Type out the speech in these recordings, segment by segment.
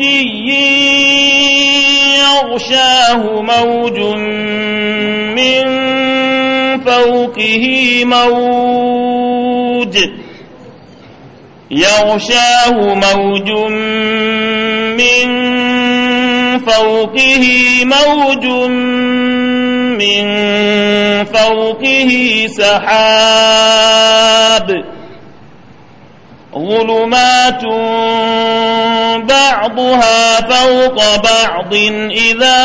عجي يغشاه موج من فوقه موج يغشاه موج من فوقه موج من فوقه سحاب ظلمات بعضها فوق بعض إذا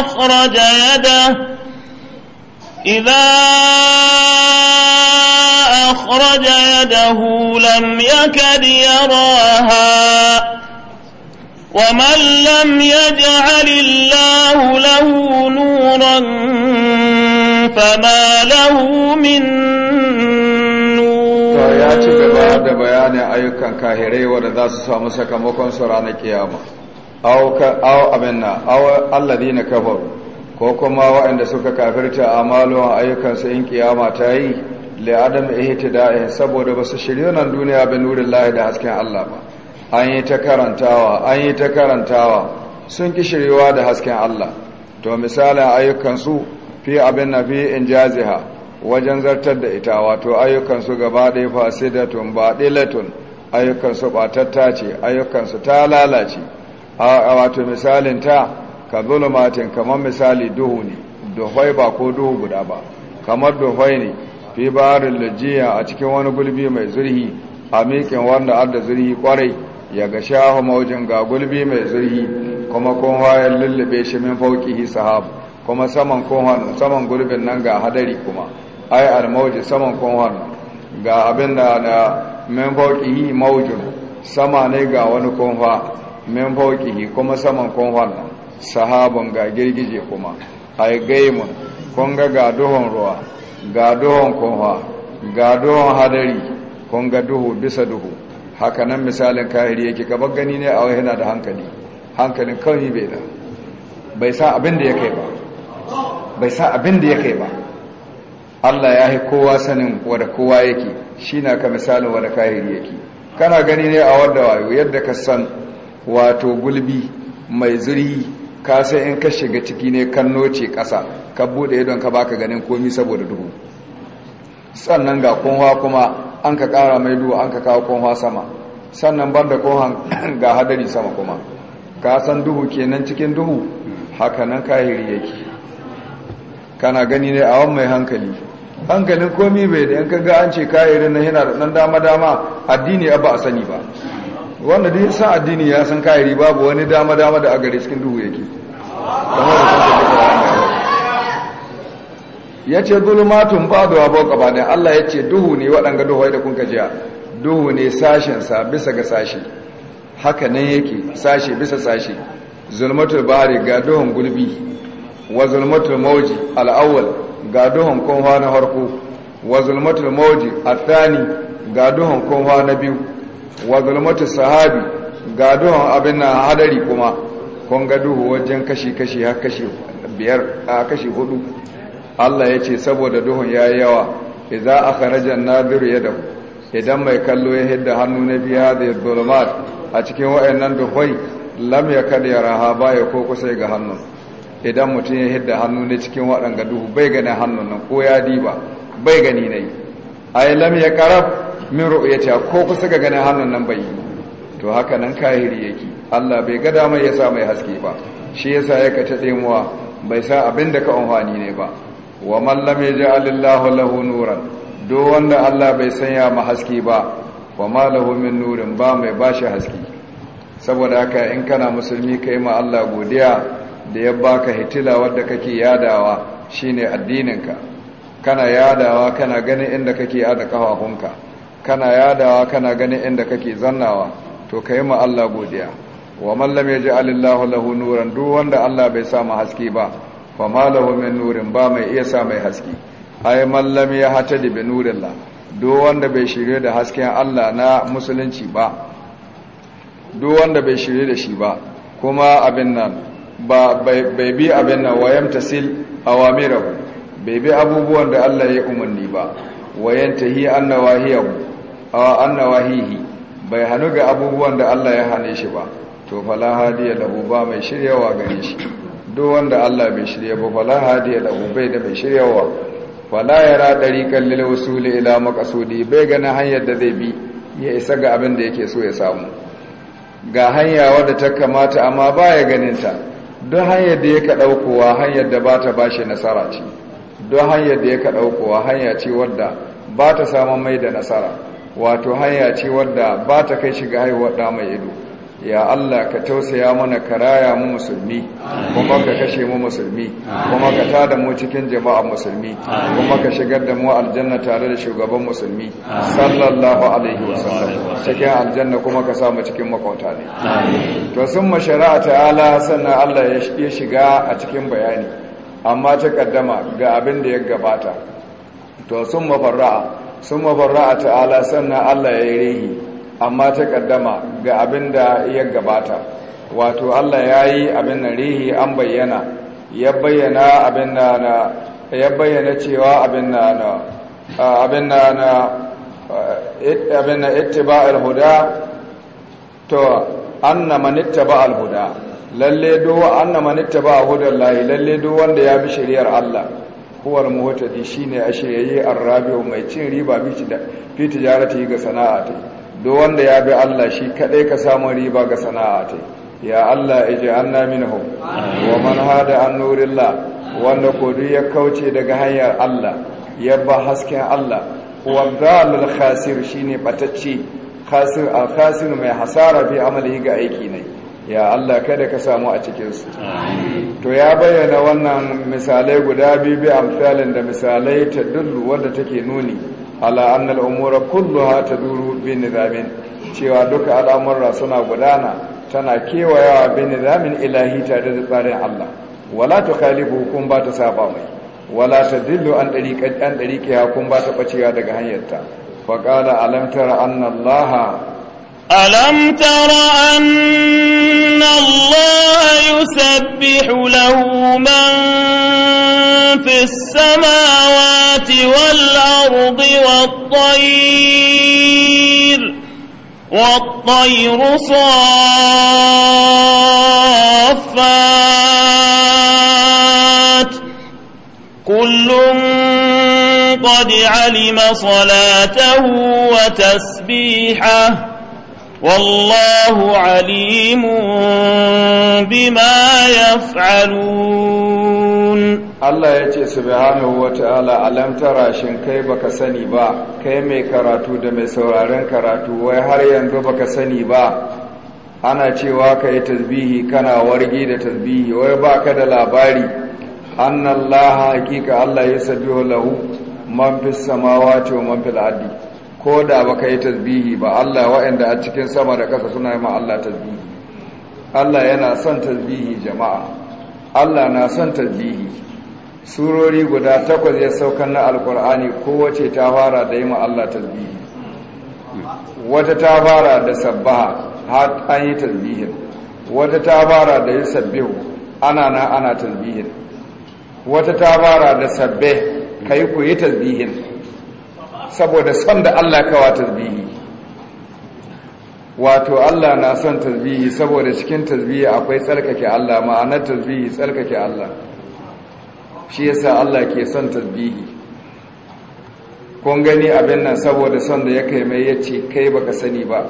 أخرج يده إذا أخرج يده لم يكد يراها ومن لم يجعل الله له نورا فما له من ya ci gaba da bayanin ayyukan kahirai wadda za su samu sakamakon su ranar kiyama aw abinna aw alladhina kafaru ko kuma waɗanda suka kafirta ayyukan ayyukansu in kiyama ta yi li adam ihtida'i saboda ba su shirye nan duniya bi nurin lahi da hasken Allah ba an yi ta karantawa an yi ta karantawa sun ki shiryewa da hasken Allah to misalin ayyukansu fi abin fi injaziha wajen zartar da ita wato ayyukansu gaba ɗaya fasidatun ba ɗilatun ayyukansu ba ce ayyukansu ta lalace a wato misalin ta ka zulumatin kamar misali duhu ne duhwai ba ko duhu guda ba kamar duhai ne fi barin lajiya a cikin wani gulbi mai zurhi a mikin wanda adda zurhi kwarai ya ga shahu maujin ga gulbi mai zurhi kuma kun wayan lullube shi min fauki sahabu kuma saman gulbin nan ga hadari kuma ai almauji saman kwanwan ga abin da na min yi maujin sama ne ga wani kwanwa min yi kuma saman kwanwan sahaban ga girgije kuma ai gaimun kun ga ga ruwa ga duhun kwanwa ga hadari kun ga duhu bisa duhu hakanan misalin kahiri yake gabar gani ne a yana da hankali hankalin kawai bai da bai sa abin da ya kai ba bai sa abin da ya kai ba Allah ya yi kowa sanin wadda kowa yake shi na ka misalin wadda kahiri yake kana gani ne a wadda wayo yadda ka san wato gulbi mai zuri ka sai in ka shiga ciki ne kan noce ƙasa ka buɗe idon ka baka ganin komi saboda duhu sannan ga kunwa kuma an ka ƙara mai duhu an ka kawo kunwa sama sannan ban da kohan ga hadari sama kuma ka san duhu kenan cikin duhu hakanan kahiri yake kana gani ne a wani mai hankali hankalin komi bai da 'yan ga an ce kayarin na yana da ɗan dama-dama addini ba a sani ba wanda duk san addini ya san kayari babu wani dama-dama da a gare cikin duhu yake ya ce zulmatun ba da ba ne? Allah ya ce duhu ne waɗanga duhu da kun kajiya duhu ne sashensa bisa ga sashe. haka nan yake sashe bisa sashe. zulmatul bari ga duhun gulbi wa zulmatul mauji al'awwal ga duhun kunfa na harko wa zulmatul mawji athani ga duhun kunfa na biyu wa zulmatul sahabi ga duhun abin na hadari kuma kun ga duhu wajen kashi-kashi har kashi biyar a kashi hudu Allah ya ce saboda duhun ya yi yawa idan a akhraja nadiru ya yadahu idan mai kallo ya hidda hannu na biya da zulmat a cikin wa'annan duhwai lam ya yaraha ba ya ko kusa ga hannun idan mutum ya hidda hannu ne cikin waɗanga duhu bai gani hannun nan ko ya diba bai gani ne a yi lam ya karab min ru'yata ko kusa ga ganin hannun nan bai yi to haka nan kahiri yake Allah bai ga damar ya sa mai haske ba shi yasa ya kace tsemuwa bai sa abin da ka amfani ne ba wa ya ji alillahu lahu nuran do wanda Allah bai sanya ma haske ba wa ma min nurin ba mai bashi haske saboda haka in kana musulmi kai ma Allah godiya da ya baka hitila wadda kake yadawa shine addininka kana yadawa kana ganin inda kake yada kafafunka kana yadawa kana ganin inda kake zannawa to kai ma Allah godiya wa man ya ji Allahu lahu nuran duk wanda Allah bai sa ma haske ba fa ma min nurin ba mai iya sa mai haske Ai man lam yahtadi bi nurillah duk wanda bai shirye da hasken Allah na musulunci ba duk wanda bai shirye da shi ba kuma abin nan ba bai bi abin nan wayan tasil awamirahu bai bi abubuwan da Allah ya umarni ba wayan tahi annawahiyahu aw annawahihi bai hanu ga abubuwan da Allah ya hane shi ba to fala hadiya lahu ba mai shiryawa gare shi duk wanda Allah bai shirya ba fala hadiya lahu bai da mai shiryawa fala yara dariqan lil wusuli ila maqsudi bai gana hanyar da zai bi ya isa ga abin da yake so ya samu ga hanya wadda ta kamata amma baya ganinta don hanyar da ya ka ɗaukowa hanyar da ba ta ba shi nasara ce don hanyar da ya ka ɗaukowa hanya ce wadda ba ta samun mai da nasara wato hanya ce wadda ba ta kai shiga haihuwa ɗa mai ido ya Allah ka tausaya mana ka raya mu musulmi kuma ka kashe mu musulmi kuma ka tada mu cikin jama'a musulmi kuma ka shigar da mu aljanna tare da shugaban musulmi sallallahu alaihi wasallam cikin aljanna kuma ka sa mu cikin makwanta ne to sun mashara'a ta'ala sannan Allah ya shiga a cikin bayani amma ta kaddama ga abin da ya gabata to sun mafarra'a sun mafarra'a ta'ala sannan Allah ya yi rihi amma ta kaddama ga abin da ya gabata wato Allah ya yi abin da rihi an bayyana ya bayyana abin da na ya bayyana cewa abin da na abin da na abin da ittiba al-huda to anna man ittaba al-huda lalle do anna man ittaba hudan lahi lalle do da ya bi shari'ar Allah huwal muhtadi shine ashiriyyi ar-rabi'u mai cin riba bi da fi tijarati ga sana'a ta duk wanda ya bi Allah shi kadai ka samu riba ga sana'a ta ya Allah namin minhum wa man hada an nurillah wanda ko duk ya kauce daga hanyar Allah ya ba hasken Allah wa dhalul khasir shine batacce khasir al khasir mai hasara fi amali ga aiki ne ya Allah kada ka samu a cikinsu. to ya bayyana wannan misalai guda biyu bi amsalin da misalai ta dullu wanda take nuni ala annal umura kulluha taduru bi nizamin cewa duka al'amurra suna gudana tana kewayawa bi nizamin ilahi tare da tsarin Allah wala tukhalifu kun ba ta saba mai wala tadillu an dariqan an dariqiha ba ta bacewa daga hanyarta fa qala alam tara anna Allah ألم تر أن الله يسبح والأرض والطير والطير صافات كل قد علم صلاته وتسبيحه والله عليم بما يفعلون yash'urun Allah ya ce subhanahu wa ta'ala alam tara shin kai baka sani ba kai mai karatu da mai sauraren karatu wai har yanzu baka sani ba ana cewa ka yi tasbihi kana wargi da tasbihi wai ba ka da labari Allah hakika Allah ya sabihu lahu man fis samawati wa man fil ardi ko da baka yi tasbihi ba Allah waɗanda a cikin sama da ƙasa suna yi ma Allah tasbihi Allah yana son tasbihi jama'a Allah na son tasbihi surori guda takwas ya saukan na alkur'ani kowace ta fara da yi ma Allah tasbihi wata ta fara da sabbaha har an yi tasbihin wata ta fara da yi sabbihu ana na ana tasbihin wata ta fara da sabbe kai ku yi tasbihin saboda son da Allah kawa tasbihi wato Allah na son tasbihi saboda cikin tasbihi akwai tsarkake Allah ma'anar tasbihi tsarkake Allah shi yasa Allah ke son tasbihi kun gani abin nan saboda son da ya kai mai yace kai baka sani ba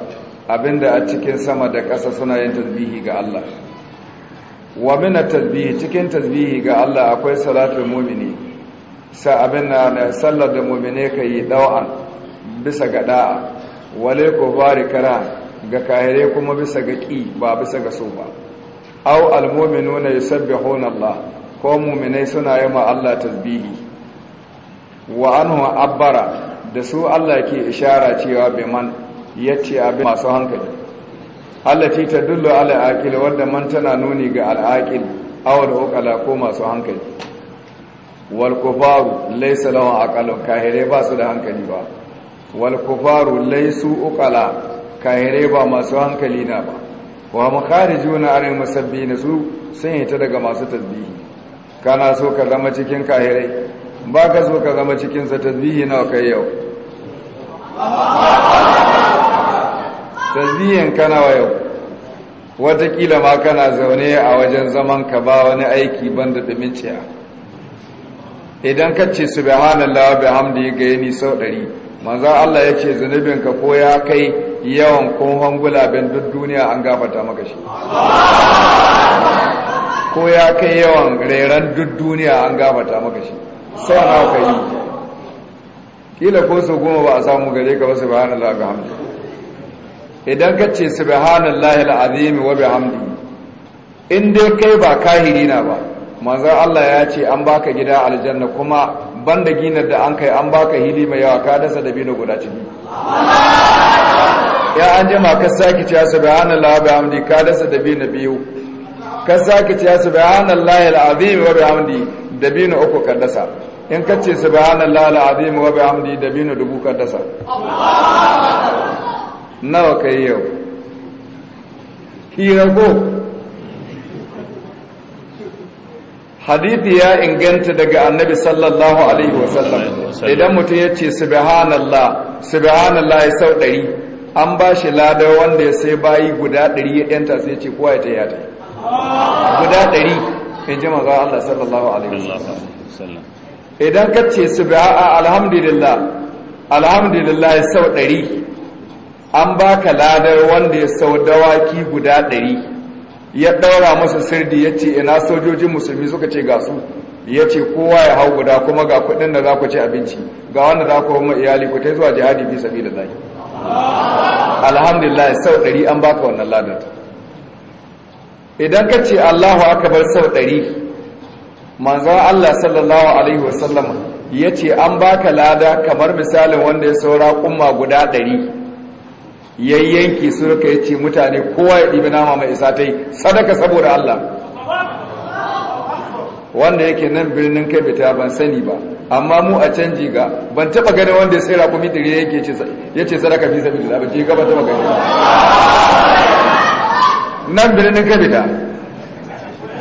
abinda a cikin sama da ƙasa suna yin tasbihi ga Allah wa min tasbihi cikin tasbihi ga Allah akwai salatul mu'mini sa abin nan sallar da mu'mini kai dawa bisa ga da'a wale ko kara ga kahire kuma bisa ga ƙi ba bisa ga so ba au almominu na yi sabbe Allah ko muminai suna yi ma Allah tasbihi wa an abbara da su Allah ke ishara cewa bai ya ce abin masu hankali Allah ce ta dullo al'aƙil wadda man tana nuni ga al'aƙil awar hukala ko masu hankali wal kufaru laisa lawan aqalun kahire ba su da hankali ba wal kufaru laisu uqala kahirai ba masu hankali na ba wa arin masabbi na su sun ta daga masu tasbihi kana so ka zama cikin kahirai ba ka so ka zama cikin sa tasbihi na kai yau tasbihin kana wa yau watakila ma kana zaune a wajen zaman ka ba wani aiki banda dumin ciya idan ka ce subhanallah bihamdihi gaini sau ɗari. manzan Allah ya ce zunubinka ko ya kai yawan kohon gulabin duk duniya an gafata maka shi ko ya kai yawan reren duk duniya an gafata maka shi sau na ka yi kila ko su goma ba a samu gare ka ba su bayanin ga Hamdi. idan ka ce su bayan Allah al’azimi wa bi in dai kai ba kahiri na ba manzan Allah ya ce an baka gida aljanna kuma banda ginar da an kai an baka hili mai yawa ka dasa da bino guda ciki ya an jima ka saki ciya subhanallah bi hamdi ka dasa da bino biyu ka saki ciya subhanallah alazim wa bi hamdi da bino uku ka dasa in ka ce subhanallah alazim wa bi hamdi da bino dubu ka dasa nawa kai yau hira ko hadithi ya inganta daga annabi sallallahu alaihi wasallam idan mutum ya ce subhanallah subhanallah ya sau ɗari an ba shi ladar wanda ya sai bayi guda ɗari ya ɗanta sai ce kowa ya ta yata guda ɗari in ji maza Allah sallallahu alaihi wasallam idan ka ce subhanallah alhamdulillah alhamdulillah ya sau ɗari an ba ka ladar wanda ya sau dawaki guda ɗari ya daura masa sirdi ya ce ina sojojin musulmi suka ce ga su ya ce kowa ya hau guda kuma ga kudin da za ku ci abinci ga wanda za ku hau iyali ku ta zuwa jihadi fi sabi da zai alhamdulillah sau ɗari an baka wannan ladar idan ka ce allahu akabar sau ɗari manzo allah sallallahu alaihi wasallam ya ce an baka lada kamar misalin wanda ya saura kuma guda ɗari yayyanki su rika yace mutane kowa ya dibi nama mai isa tai sadaka saboda Allah wanda yake nan birnin kai bita ban sani ba amma mu a canji ga ban taba gani wanda ya sai rakumi dire yake yace sadaka fi sabilillah ba ji ban taba gani nan birnin kai bita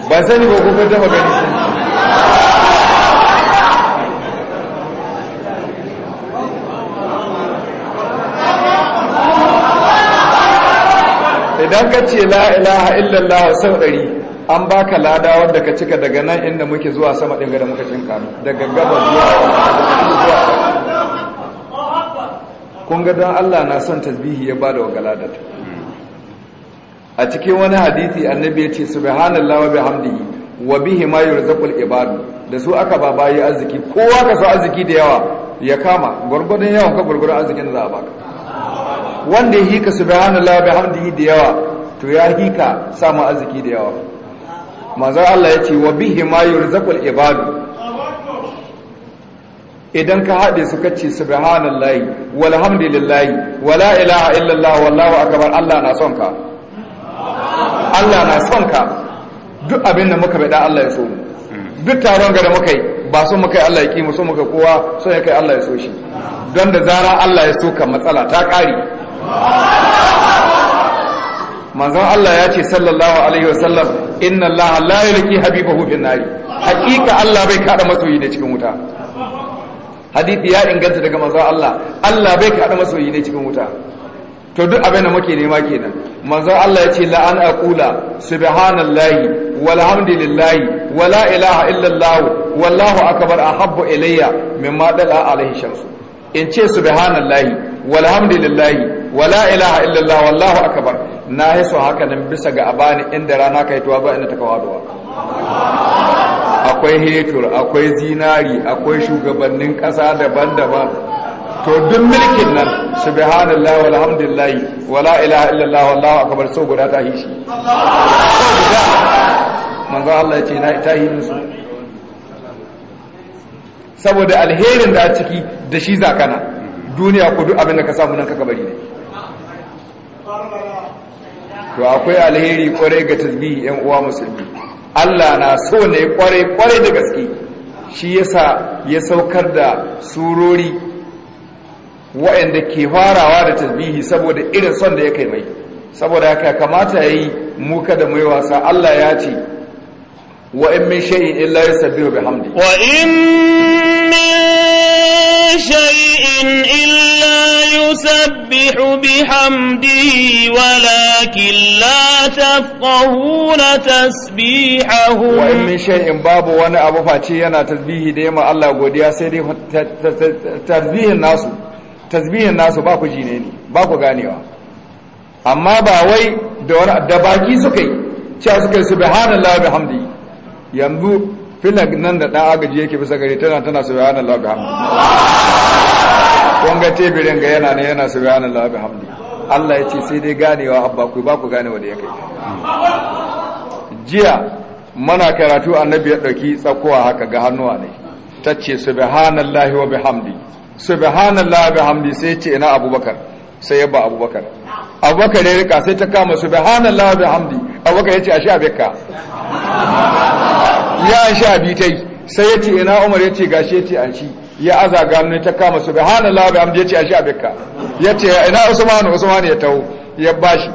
ban sani ba ku ban taba gani idan ka ce la ilaha illallah sau ɗari an baka lada wadda ka cika daga nan inda muke zuwa sama ɗin da muka cinka daga gaba zuwa kun ga don Allah na son tasbihi ya bada wa galadar a cikin wani hadithi annabi ya ce subhanallah wa bihamdihi wa bihi ma yurzaqul ibadu da su aka ba bayi arziki kowa ka so arziki da yawa ya kama gurgurdan yawan ka gurgurdan arzikin da za a baka wanda ya hika subhanallah bihamdihi da yawa to ya hika samu arziki da yawa manzo Allah ya ce wa bihi ma yurzaqul ibad idan ka hade su kace subhanallahi walhamdulillahi wala ilaha illallah wallahu akbar Allah na son ka Allah na son ka duk abin da muka bada Allah ya so mu duk taron ga da muka yi ba so muka yi Allah ya kimu so muka kowa so ya kai Allah ya so shi don da zara Allah ya so ka matsala ta ƙari manzon Allah ya ce sallallahu alaihi wasallam inna Allah la yulqi habibahu bin nari hakika Allah bai kada masoyi ne cikin wuta hadisi ya inganta daga manzon Allah Allah bai kada masoyi ne cikin wuta to duk abin da muke nema kenan manzon Allah ya ce la an aqula subhanallahi walhamdulillahi wala ilaha illallah wallahu akbar ahabbu ilayya mimma dala alaihi shamsu in ce subhanallahi walhamdulillahi wala ilaha illallah wallahu akbar na hiso haka nan bisa ga abani inda rana kai tuwa ba inda ta ba akwai hetur akwai zinari akwai shugabannin kasa daban-daban to duk mulkin nan subhanallahi walhamdulillah wala ilaha illallah wallahu akbar so guda ta hishi manzo Allah ya ce na ta yi musu saboda alherin da a ciki da shi zakana duniya ku duk abin da ka samu nan ka kabari ne to akwai alheri kwarai ga tasbihi yan uwa musulmi Allah na so ne kwarai kwarai da gaske shi yasa ya saukar da surori waɗanda ke farawa da tasbihi saboda irin son da ya kai mai saboda haka kamata yayi mu muka da mai wasa Allah ya ce wa in min shay'in illa yusabbihu bihamdi wa in min شيء إلا يسبح بحمده ولكن لا تفقهون تسبيحه وإن من شيء باب وانا أبو فاتي أنا تسبيه ديما الله قد ياسيري تسبيه الناس تسبيه الناس باكو جينيني باكو غانيوا أما باوي دباكي سكي cewa سبحان الله بحمده bihamdi yanzu filag nan da ɗan agaji yake bisa gari tana tana Allah bihamdi kun ga tebirin ga yana ne yana subhanallah bihamdi Allah ya ce sai dai ganewa abba ku ba ku gane wanda ya kai jiya mana karatu annabi ya dauki tsakuwa haka ga hannuwa ne tace subhanallahi wa bihamdi subhanallahi wa bihamdi sai ce ina abubakar sai ya ba abubakar abubakar ya rika sai ta kama subhanallahi wa bihamdi abubakar ya ce ashe abeka ya sha bi ta yi sai ya ce ina umar ya ce gashi ya ce an shi ya aza gano ta kama su subhanallah bi amdi ya ce a sha bikka ya ce ina usman usman ya ta'u ya bashi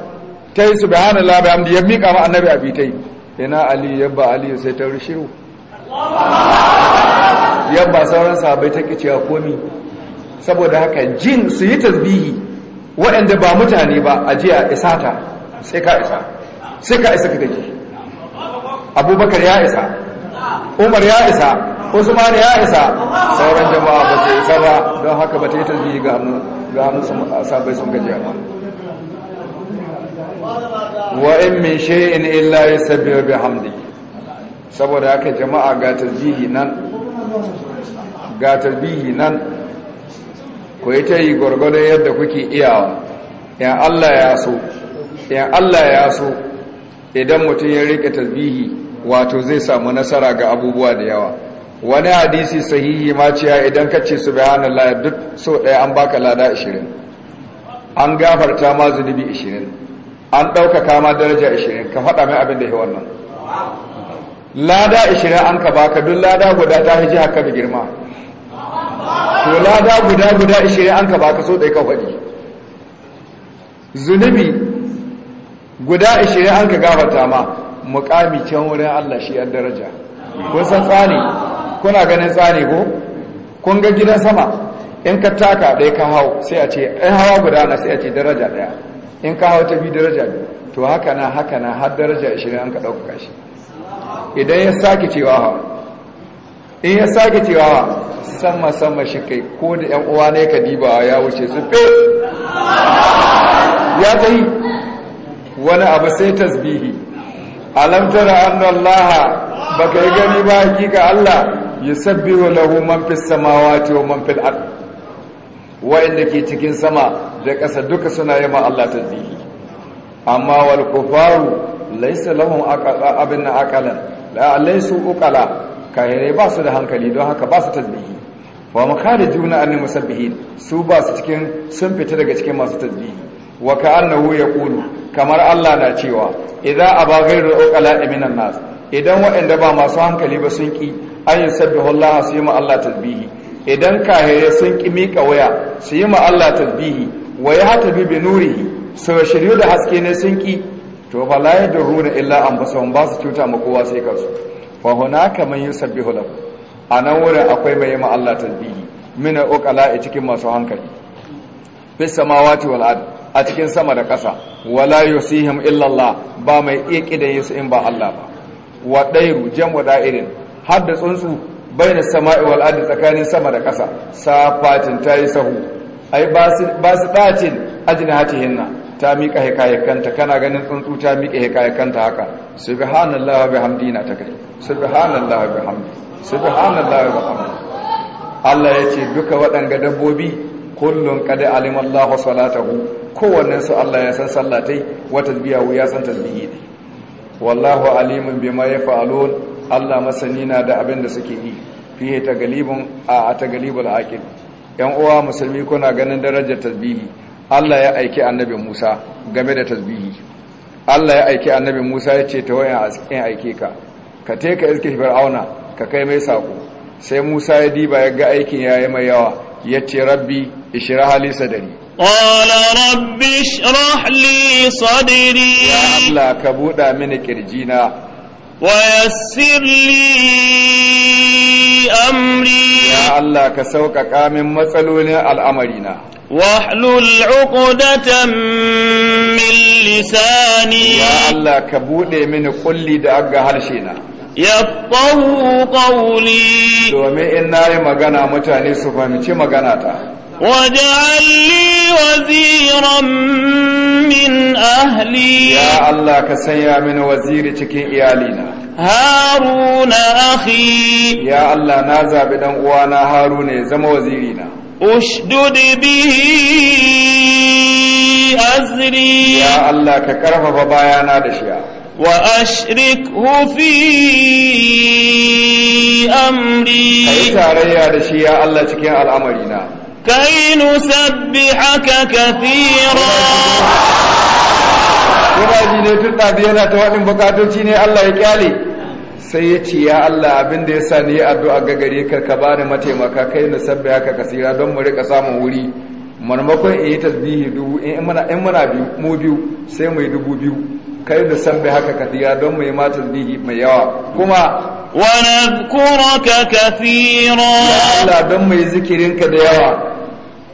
ta yi su subhanallah bi amdi ya mika ma annabi a ta yi ina ali ya ba ali sai ta rushiru ya ba sauran sabai ta kici komi saboda haka jin su yi tasbihi waɗanda ba mutane ba a jiya isata sai ka isa sai ka isa ka gaji abubakar ya isa umar ya isa usman ya isa sauran jama'a ba ta isa ba don haka ba ta yi tasbihi ga hannun sabai sun gajiya ba wa in min shay'in illa yusabbihu bihamdi saboda haka jama'a ga tasbihi nan ga tasbihi nan ku yi ta yi gwargwadon yadda kuke iyawa ya Allah ya so ya Allah ya so idan mutum ya rike tasbihi wato zai samu nasara ga abubuwa da yawa wani hadisi sahihi ma ciya idan ka ce subhanallah duk so ɗaya an baka lada 20 an gafarta ma zunubi 20 an ɗaukaka ma daraja 20 ka faɗa mai abin da ya wannan lada 20 an ka baka duk lada guda ta hiji haka da girma to lada guda guda 20 an ka baka so ɗaya ka faɗi zunubi guda 20 an ka gafarta ma mukami can wurin Allah shi yan daraja kun san tsani kuna ganin tsani ko kun ga gidan sama in ka taka ɗaya ka hau sai a ce in hawa guda na sai a ce daraja ɗaya in ka hau ta bi daraja biyu to haka na haka na har daraja ishirin an ka ɗaukaka shi idan ya sake cewa ha in ya sake cewa ha sama sama shi kai ko da yan uwa ne ka diba ya wuce su fe ya tsayi wani abu sai tasbihi alam tara anna allaha baka gani ba hakika Allah yusabbihu lahu man fis samawati wa man fil ard wa'inda ke cikin sama da ƙasa duka suna yi ma Allah tasbihi amma wal kufaru laysa lahum abin aqalan la laysu uqala kahirai ba su da hankali don haka ba su tasbihi wa makharijuna an musabbihin su ba su cikin sun fita daga cikin masu tasbihi wa ka'annahu yaqulu kamar Allah na cewa idza aba ghayru uqala minan nas idan waɗanda ba masu hankali ba sun ki an sabbi Allah su yi ma Allah tasbihi idan kahire sun ki mika waya su yi ma Allah tasbihi wa hata bi nurihi su shiryu da haske ne sun ki to fa la yadruna illa anfusahum ba su cuta ma kowa sai kansu fa hunaka man yusabbihu lahu anan wurin akwai mai ma Allah tasbihi min uqala cikin masu hankali bisamawati samawati wal ardh a cikin sama da ƙasa wala yusihim illallah ba mai iya kidaye su in ba Allah ba wa dairu jam'u da'irin har da tsuntsu baina sama'i wal ardi tsakanin sama da ƙasa safatin tayi sahu ai ba su ba su dacin ajnihatihinna ta miƙa hikayakanta kana ganin tsuntsu ta miƙa hikayakanta haka subhanallahi wa bihamdina ta kai subhanallahi wa bihamdi subhanallahi wa bihamdi Allah ya ce duka waɗanga dabbobi kullum kada alimallahu salatahu kowannen su Allah ya san sallatai wa tasbihu ya san tasbihi ne wallahu alimun bima yaf'alun Allah masani na da abin da suke yi fiye ta galibin a ta galibul aqil yan uwa musulmi kuna ganin darajar tasbihi Allah ya aiki annabi Musa game da tasbihi Allah ya aiki annabi Musa ya ce ta wayan in aike ka ka te ka iske fir'auna ka kai mai sako sai Musa ya diba ya ga aikin yayi mai yawa ya ce rabbi ishrah li sadri قال رب اشرح لي صدري يا الله كبودا من كرجينا ويسر لي أمري يا الله كسوك قام مسلول الأمرين واحلل عقدة من لساني يا الله كبودا من كل دعق هرشينا يفقه قولي دومي إنا مغانا متاني سفهمتي مغانا تا واجعل لي وزيرا من أهلي يا الله كسيا من وزير تكي إيالينا هارون أخي يا الله نازع بدن وانا هارون زم وزيرينا أشدد به أزري يا الله ككرف فبايانا دشيا وأشركه في أمري أي تاريا دشيا الله تكي الأمرينا كي نسبحك كثيرا Kuraji ne tun yana ta waɗin bukatoci ne Allah ya kyale sai ya ce ya Allah abinda ya sa ni addu'a ga gare ka ka bani mataimaka kai na sabbi haka kasira don mu rika samun wuri marmakon in yi tasbihi dubu in muna biyu mu biyu sai mu yi dubu biyu kai da sabbi haka kasira don mu yi ma tasbihi mai yawa kuma ونذكرك كثيرا الله دم ذكرك ديوا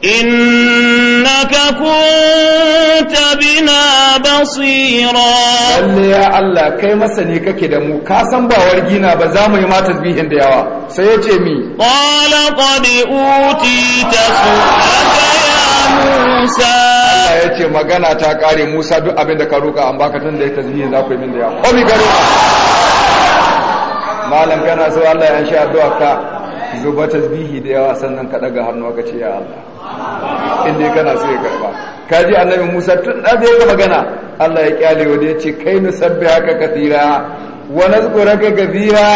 إنك كنت بنا بصيرا lalle ya Allah kai masani kake da mu ka san ba wargina ba za mu yi ma tasbihin da yawa sai ya ce mi qala qad utita su'alaka ya Musa Allah ya ce magana ta kare Musa duk abinda ka roka an baka tun da ya tasbihin za ku yi min da ya ko mi ka malam kana so Allah ya sha addu'a ka zuba tasbihi da yawa sannan ka daga hannu ka ce ya Allah inda kana so ya karba ka ji annabi Musa tun da zai ga magana Allah ya kyale wa da yace kai nusabbi haka kathira wa nazkuraka kathira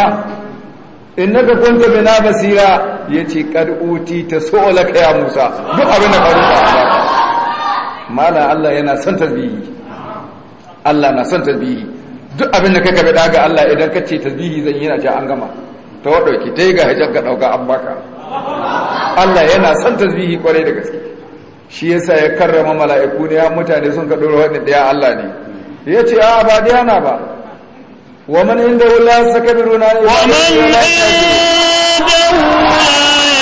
innaka kunta bina basira yace kad uti ta su'alaka ya Musa duk abin da ka rubuta malam Allah yana son tasbihi Allah na son tasbihi duk abin da kaka bada ga Allah idan ka ce tasbihi zan yi na ce an gama ta wadauki ta yi ga hajjar ka dauka an baka Allah yana son tasbihi kwarai da gaske shi yasa ya karrama mala'iku ne ya mutane sun ka dora wadin da ya Allah ne ya ce a ba da yana ba wa man inda la sakabiruna wa man inda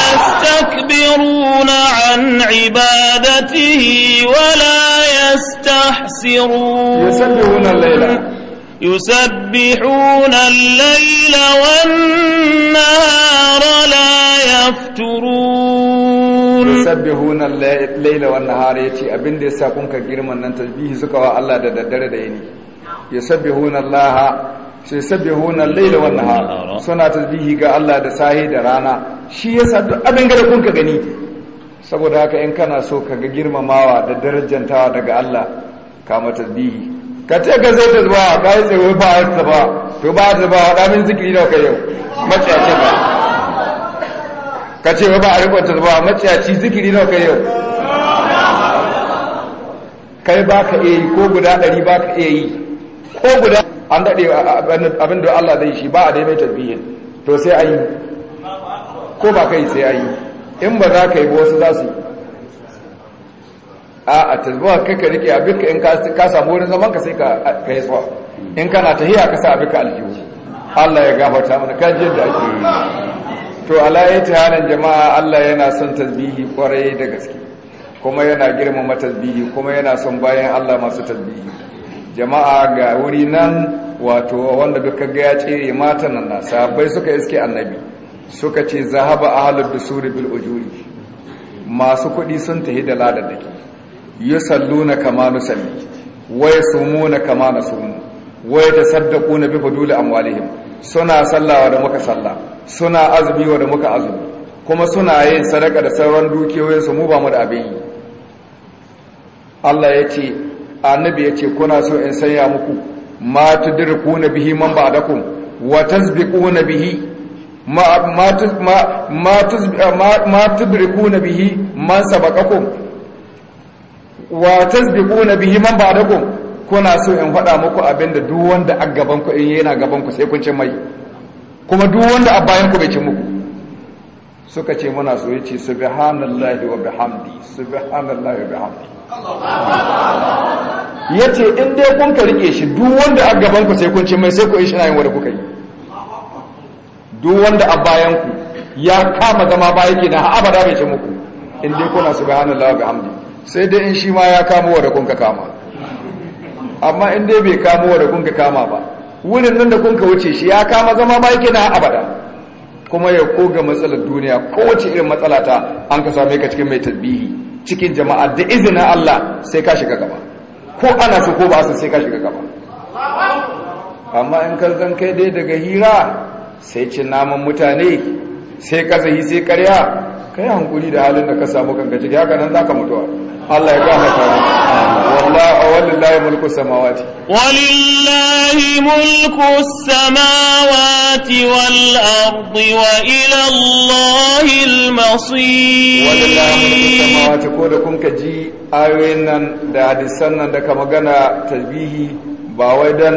يستكبرون عن عبادته ولا يستحسرون يسبحون الليل يسبحون الليل والنهار لا يفترون يسبحون الليل والنهار يتي أبن دي ساقون كجرمان ننتجبيه سكوا الله دا دار ديني يسبحون الله يسبحون الليل والنهار سنة تجبيه قال الله دا ساهي درانا شي يسعد أبن قرقون كجني saboda haka in kana so ka ga girmamawa da darajantawa daga Allah ka mata tasbihi ka ce ka zai ta zuwa ka yi tsaye ba a zaba to ba a zaba da ɗamin zikiri da kai yau maciyaci ba ka ce ba a rikon ta zuwa maciyaci zikiri da kai yau kai ba ka iya yi ko guda ɗari ba ka iya yi ko guda an daɗe abin da Allah zai shi ba a daimai tarbiyya to sai a yi ko ba kai sai a yi in ba za ka yi ba wasu za su yi a kai ka rike abinka in ka samu wurin zaman ka sai ka kai tsawa in kana tahiya ka sa ka aljihu Allah ya gafarta mana kan jin da ake yi to ta halin jama'a Allah yana son tasbihi kwarai da gaske kuma yana girmama tasbihi kuma yana son bayan Allah masu tasbihi jama'a ga wuri nan wato wanda duka ga ya ce matan nan sabai suka iske annabi suka ce zahaba ahlud dusuri bil ujuri masu kuɗi sun tahi da dake. yusalluna kama nusalli wa yasumuna kama nasumu wa yatasaddaquna bi fuduli amwalihim suna sallawa da muka salla suna azumi wa da muka azumi kuma suna yin sadaka da sauran dukiyoyin su mu ba mu da abin yi Allah ya ce annabi ya ce kuna so in sanya muku ma tudrikuna bihi man ba'dakum wa tasbiquna bihi ma ma ma tudrikuna bihi man sabaqakum wa tasbiquna bihi man ba'dakum kuna so in faɗa muku abinda duk wanda a gaban ku in yana gaban ku sai kun ce mai kuma duk wanda a bayan ku bai ce muku suka ce muna so yace subhanallahi wa bihamdi subhanallahi wa bihamdi yace in dai kun ka rike shi duk wanda a gaban ku sai kun ce mai sai ku ishi nayin wanda kuka yi duk wanda a bayan ku ya kama zama ba yake na abada bai ce muku in dai kuna subhanallahi wa bihamdi sai dai in shi ma ya kamo wa da kun kama amma in dai bai kamo wa da kun kama ba wurin nan da kunka wuce shi ya kama zama ba yake na abada kuma ya koga matsalar duniya kowace irin matsala ta an ka same ka cikin mai tabbihi cikin jama'a da izinin Allah sai ka shiga gaba ko ana so ko ba su sai ka shiga gaba amma in ka zan kai dai daga hira sai cin naman mutane sai kasahi sai karya ka yi hankuli da halin da ka samu kanka ciki haka nan za ka mutuwa Allah ya gama ta wallahi mulku samawati walillahi mulku samawati wal ardi wa ila Allahi al masir walillahi mulku samawati ko da kun ka ji ayoyin nan da hadisan nan da ka magana tasbihi ba wai dan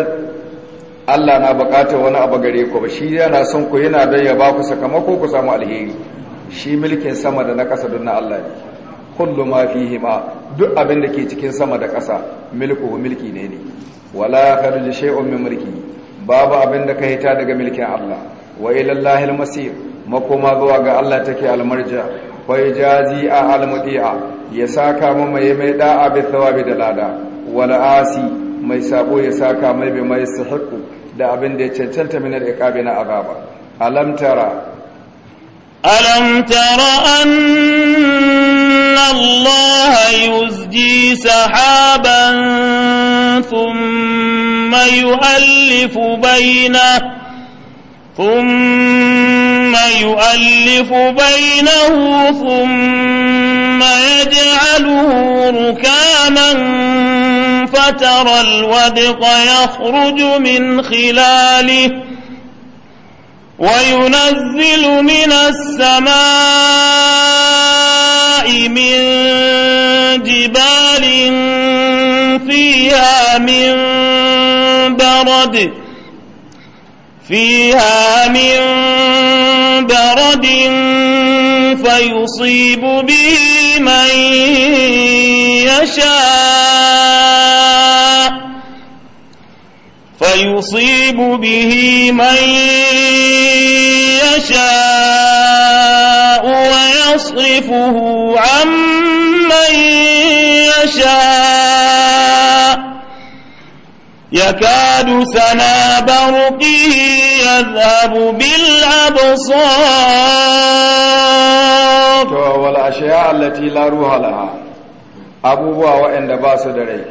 Allah na bukatar wani abu gare ku ba shi yana son ku yana don ya ba ku sakamako ku samu alheri shi mulkin sama da na ƙasa don na Allah ne kullum ma duk abin da ke cikin sama da ƙasa milku milki ne ne wala kharij shay'un mai mulki babu abin da ka hita daga milkin Allah wa ila Allahi makoma zuwa ga Allah take almarja wa jazi a al ya saka mu mai mai da'a bi thawabi da lada wala asi mai sabo ya saka mai bi mai sahiqu da abin da ya cancanta min al na azaba alam ألم تر أن الله يزجي سحابا ثم يؤلف بينه ثم يؤلف بينه ثم يجعله ركاما فترى الودق يخرج من خلاله وينزل من السماء من جبال فيها من برد فيها من برد فيصيب به من يشاء فيصيب به من يشاء ويصرفه عن من يشاء يكاد سنا برقه يذهب بالأبصار والأشياء التي لا روح لها أبوها وإن باس دري.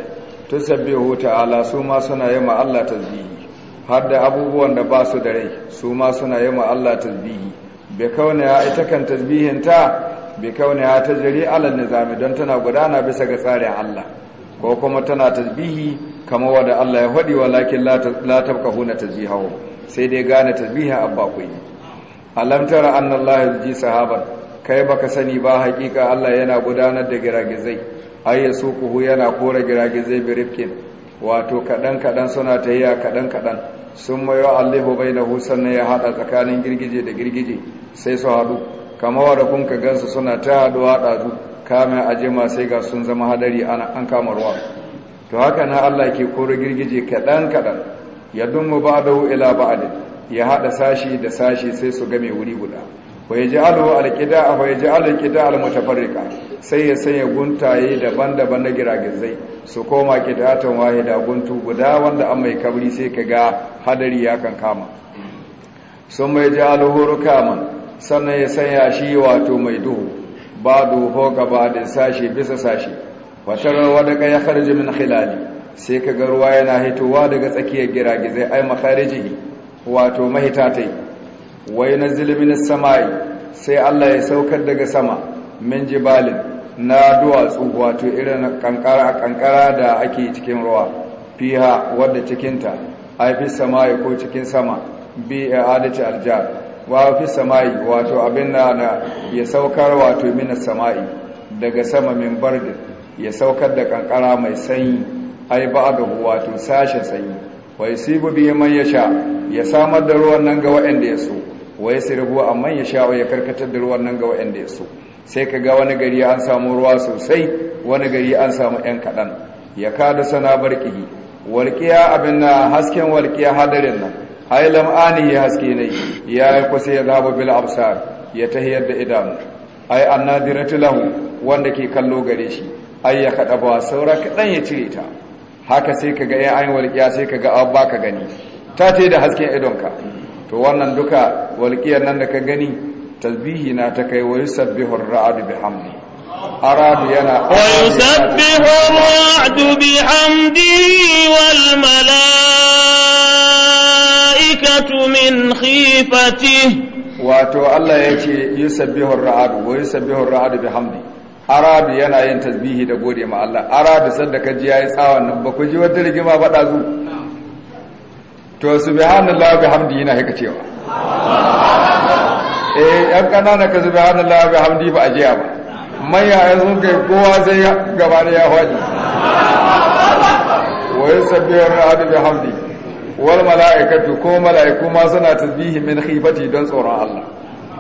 tusabbihu ta'ala su ma suna yi ma Allah tasbihi har da abubuwan da ba su da rai su ma suna yi ma Allah tasbihi bi ya ita kan tasbihin ta bi ya ta jari alal nizami don tana gudana bisa ga tsarin Allah ko kuma tana tasbihi kama wanda Allah ya faɗi walakin la tabqahuna tasbihahu sai dai gane tasbihin abba ku yi alam tara anna Allah yaji sahaban kai baka sani ba hakika Allah yana gudanar da giragizai ayya kuhu yana kora girage zai bi rifkin wato kadan kadan suna ta a kadan kadan sun mayo allahu bainahu sannan ya hada tsakanin girgije da girgije sai su haɗu kamar da kun ka gansu suna ta haduwa kame kama jima sai ga sun zama hadari an kama ruwa to haka na Allah ke kora girgije kadan kadan ya dummu da ila ba'd ya hada sashi da sashi sai su game wuri guda wa ji al alqida wa sai ya sanya guntaye daban-daban na giragizai su koma kidatan wahida guntu guda wanda an mai kabri sai kaga hadari ya kan kama sun mai ja'alu kama sannan ya sanya shi wato mai duhu ba badu gaba da sashi bisa sashi fasharar wadaka ya kharji min khilali sai kaga ruwa yana hitowa daga tsakiyar giragizai ai makharijihi wato mahitatai wai na zilimin sama'i sai Allah ya saukar daga sama min jibalin na duwatsu wato irin kankara kankara da ake cikin ruwa fiha wadda cikinta a fi sama'i ko cikin sama bi a adace aljar wa fi sama'i wato abin na ya saukar wato min sama'i daga sama min bardin ya saukar da kankara mai sanyi ai ba da wato sashen sanyi wa yusibu bihi man yasha ya samar da ruwan nan ga waɗanda ya so wa yasribu amman yasha ya karkatar da ruwan nan ga waɗanda ya so sai ka ga wani gari an samu ruwa sosai wani gari an samu ɗan kaɗan ya kada sana barƙihi. walƙiya abin na hasken walƙiya hadarin nan hai lam'ani ya haske ne ya yi kwasa ya zaba bil absar ya tahiyar da idanu ai annadiratu lahu wanda ke kallo gare shi ai ya kaɗa ba saura kaɗan ya cire ta haka sai ka ga 'yan ayin walƙiya sai ka ga abu ba ka gani ta ce da hasken idonka to wannan duka walƙiyar nan da ka gani tasbihi na ta kai wa yusabbihu ar-ra'd bihamdi aradu yana wa yusabbihu ar-ra'd bihamdi wal malaikatu min khifatihi wato Allah yace yusabbihu ar-ra'd wa yusabbihu ar-ra'd bihamdi aradu yana yin tasbihi da gode ma Allah arabi sanda ka ji yayi tsawon nan ba ku ji wata rigima ba zu to subhanallahi bihamdihi na haka cewa eh yan kanana ka subhanallahi bihamdihi ba a jiya ba mai ya sun kai kowa sai gaba da ya faɗi wa yusabbihu aradu bihamdihi wal mala'ikatu ko mala'iku ma suna tasbihi min khibati don tsoron Allah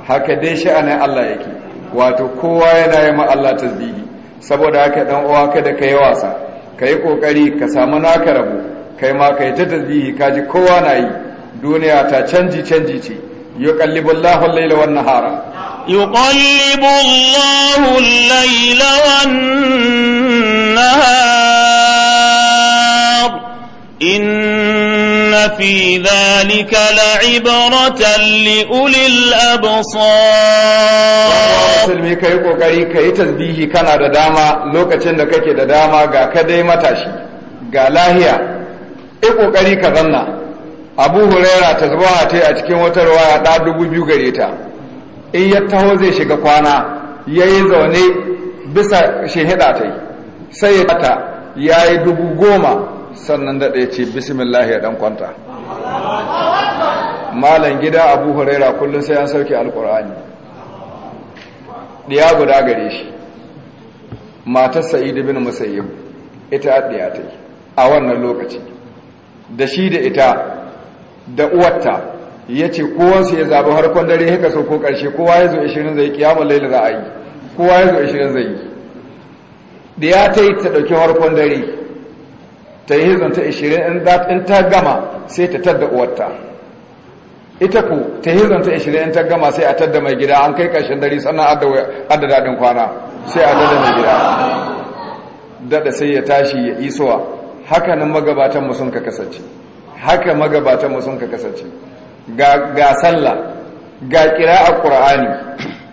haka dai sha'anin Allah yake wato kowa yana yi ma Allah tasbihi saboda haka dan uwa kada kai wasa kai kokari ka samu naka rabu kai ma kai ta tasbihi ji kowa na yi duniya ta canji canji ce yuqallibu Allahu al-laila wan nahara yuqallibu Allahu al-laila wan nahara إن في ذلك لعبرة لأولي الأبصار musulmi ka yi ƙoƙari ka yi tasbihi kana da dama lokacin da kake da dama ga ka dai matashi ga lahiya yi ƙoƙari ka zanna abu huraira ta zuba ta a cikin wata ruwa ɗa dubu biyu gare ta in ya taho zai shiga kwana ya yi zaune bisa shehida ta yi sai ya ta ya yi dubu goma sannan da ce bismillah ya ɗan kwanta malan gida abu huraira kullum sai an sauke alkur'ani Ɗiya guda gare shi matar Sa'idu bin musayyib ita ɗiya ta a wannan lokaci da shi da ita da uwarta ya ce kowansu ya zaɓi harkon dare haka sau ko ƙarshe kowa ya zo 20 zai kiyamun laila za a yi kowa ya zo 20 zai yi da ya ta yi ta ɗauki harkon dare ta yi hizanta 20 in ta gama sai ta tadda uwarta ita ku ta hizanta 20 in ta gama sai a tadda mai gida an kai kashin dare sannan adda daɗin kwana sai a tadda mai gida daɗa sai ya tashi ya isowa haka nan magabatanmu sun ka kasance haka magabatanmu sun ka kasance ga sallah ga kira a ƙura'ani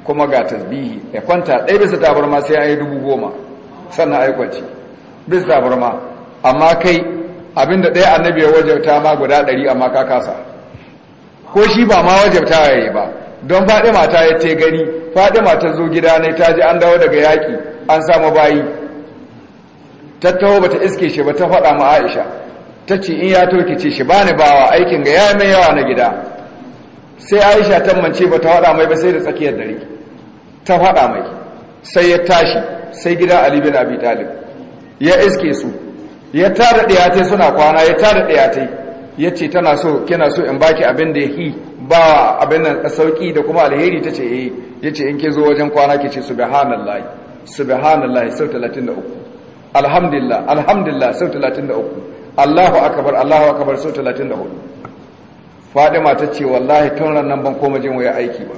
kuma ga tasbihi ya kwanta ɗaya bisa tabarma sai a yi dubu goma sannan aikwanci bisa tabarma amma kai abinda ɗaya annabi ya wajabta ma guda ɗari amma ka kasa ko shi ba ma wajabta ya yi ba don faɗi mata ya ce gani faɗi mata zo gida ne ta ji an dawo daga yaƙi an samu bayi tattawo ba ta iske shi ba ta faɗa ma aisha ta ce in ya ce shi ba ni bawa aikin ga mai yawa na gida sai aisha ta mance ba ta faɗa mai ba sai da tsakiyar dare ta faɗa mai sai ya tashi sai gida ali bin abi talib ya iske su ya tada ɗiyatai suna kwana ya tada ɗiyatai ya ce tana so kina so in baki abin da ya hi ba abin nan sauƙi da kuma alheri ta ce eh ya ce in ke zo wajen kwana ki ce subhanallah subhanallah sau 33 alhamdulillah alhamdulillah sau 33 allahu akabar allahu akabar sau 34 fadima ta ce wallahi tauran nan ban koma jin waya aiki ba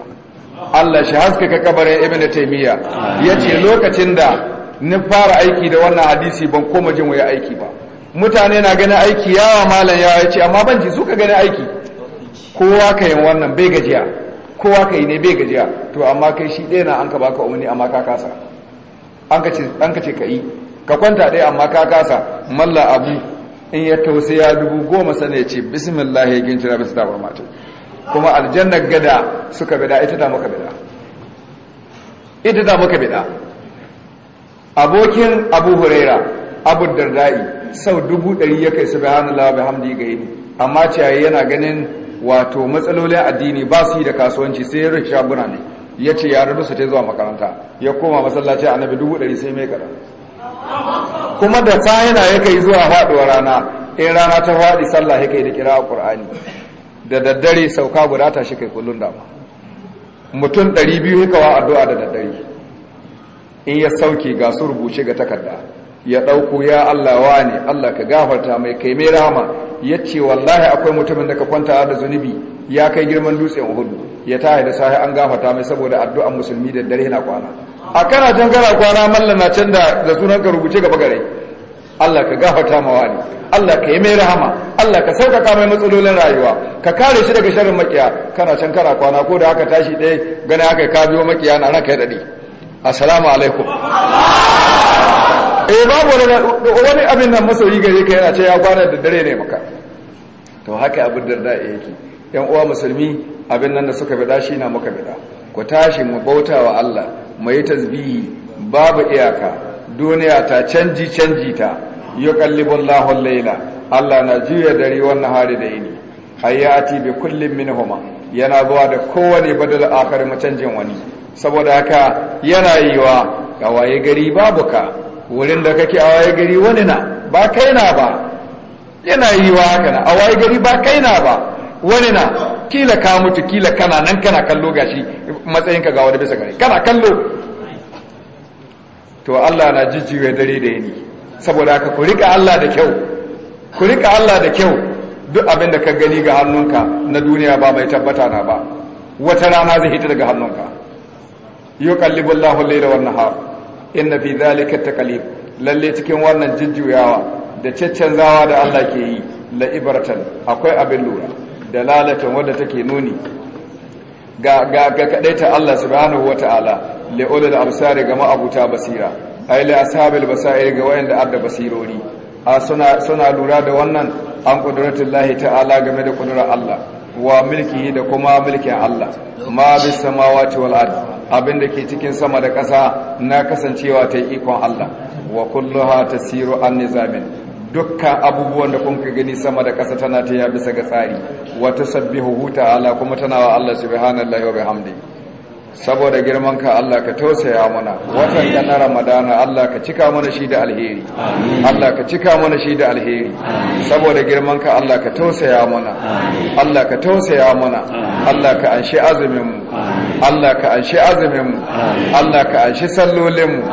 Allah shi haske ka kabarin ibnu taymiya yace lokacin da ni fara aiki da wannan hadisi ban koma jin waya aiki ba mutane na gani aiki yawa malam yawa ce amma ban ji ka gani aiki kowa ka yi wannan bai gajiya kowa ka yi ne bai gajiya to amma kai shi ɗaya na an ka baka umarni amma ka kasa an ka ce ka yi ka kwanta ɗaya amma ka kasa malla abu in ya tausi ya dubu goma sana ya ce bismillah ya gincira bisu ta barmata kuma aljannar gada suka bida ita bida ita ta maka bida abokin abu huraira abu dardai sau dubu ɗari ya kai subhanallah bi hamdi ga yini amma ciyayi yana ganin wato matsalolin addini ba su yi da kasuwanci sai ya rikisha shaguna ne ya ce ya rufe ta zuwa makaranta ya koma masallaci nabi dubu ɗari sai mai kaɗan kuma da yana ya kai zuwa faɗuwa rana in rana ta faɗi sallah ya kai da kira a ƙur'ani da daddare sauka guda ta shi kai kullum dama mutum ɗari biyu ya kawo addu'a da daddare in ya sauke ga su rubuce ga takarda ya ɗauko ya Allah wani Allah ka gafarta mai kai mai rahama ya ce wallahi akwai mutumin da ka kwanta da zunubi ya kai girman dutsen uhudu ya tahi da sahi an gafarta mai saboda addu'an musulmi da dare na kwana a kana can gara kwana mallan na can da da sunan ka rubuce gaba gare Allah ka gafarta ma wani Allah ka yi mai rahama Allah ka sauƙaƙa mai matsalolin rayuwa ka kare shi daga sharrin makiya kana can kana kwana ko da aka tashi ɗaya gani aka yi ka biyo makiya na ranka ya daɗe assalamu alaikum eh babu wani abin nan masoyi gare ka yana ce ya kwana da dare ne maka to haka abin darda yake yan uwa musulmi abin nan da suka bida shi na muka bida ku tashi mu bauta wa Allah mu yi tasbihi babu iyaka duniya ta canji canji ta yuqallibullahu al-laila Allah na juya dare wannan hari da yini hayati bi kullin minhuma yana zuwa da kowane badal akari mu canjin wani saboda haka yana wa a waye gari babu ka wurin da kake a waye gari wani na ba kai na ba yana yi wa haka na a waye gari ba kai na ba wani na kila ka mutu kila kana nan kana kallo gashi matsayinka ga wani bisa gari kana kallo to Allah na jijjiwe dare da yini saboda haka ku rika Allah da kyau ku rika Allah da kyau duk abin da ka gani ga hannunka na duniya ba mai tabbata na ba wata rana zai hita daga hannunka yuqallibu Allahu al-layla wan nahar inna fi dhalika taqlib lalle cikin wannan jujjuyawa da zawa da Allah ke yi la ibratan akwai abin lura dalalatan wadda take nuni ga ga ga kadaita Allah subhanahu wataala li ulil absari ga ma'abuta basira ay li ashabil basair ga wayanda adda basirori a suna suna lura da wannan an qudratullahi ta'ala game da kudrar Allah wa mulki da kuma mulkin Allah ma bis samawati wal ardi abin da ke cikin sama da ƙasa na kasancewa ta ikon Allah wa kulluha tasiru an nizamin dukkan abubuwan da kuka gani sama da ƙasa tana ta bisa ga tsari wa tasabbihu ala kuma tana wa Allah subhanallahi wa hamdi. saboda girman ka Allah ka tausaya mana watan da na ramadana Allah ka cika mana shi da alheri Allah ka cika mana shi da alheri saboda girman ka Allah ka tausaya mana Allah ka tausaya mana Allah ka anshi azumin mu Allah ka anshi azumin mu Allah ka anshi sallolin mu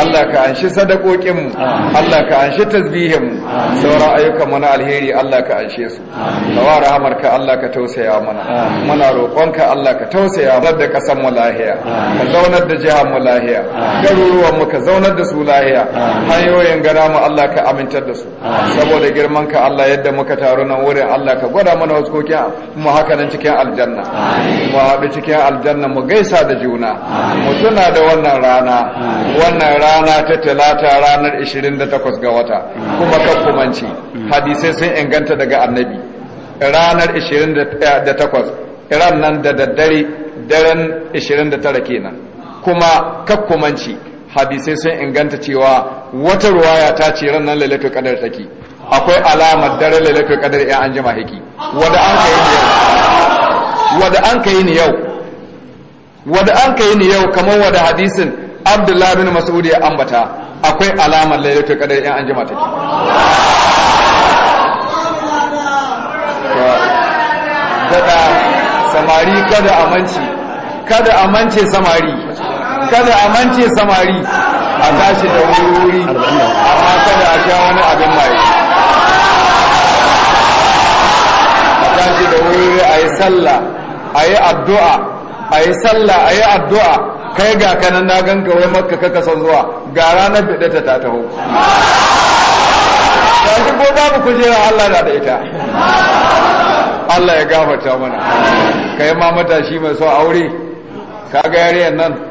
Allah ka anshi sadakokin mu Allah ka anshi tasbihin mu sauran ayyukan mu alheri Allah ka anshe su kawa rahamarka Allah ka tausaya mana muna roƙonka Allah ka tausaya bar da kasan mu lahiya ka zaunar da jihar mu lahiya garuruwan mu ka zaunar da su lahiya hanyoyin gana mu Allah ka amintar da su saboda girman ka Allah yadda muka taru nan wurin Allah ka gwada mana wasu kokin mu haka nan cikin aljanna mu haɗu cikin cikin aljanna mu gaisa da juna mu tuna da wannan rana wannan rana ta talata ranar 28 ga wata kuma kakkumanci hadisai sun inganta daga annabi ranar 28 ran nan da daddare daren 29 kenan kuma kakkumanci hadisai sun inganta cewa wata ruwaya ta ce ran nan lailatul qadar take akwai alamar daren lailatul qadar ya an hiki wanda an kai wanda an kai ne yau wanda an kai ni yau kamar wanda hadisin abdullahi bin mas'ud ya ambata akwai alamar lailatul qadar in an jima take kada samari kada amanci kada amance samari kada amance samari a tashi da wuri amma kada a sha wani abin mai tashi da wuri a yi sallah a yi addu'a a yi sallah a yi addu'a kai ga kanan na ganka wai makka kaka son zuwa ga ranar bidata ta taho yanzu ko babu kujera Allah na da ita Allah ya gafata mana ka yi ma matashi mai so aure ka ga yariyar nan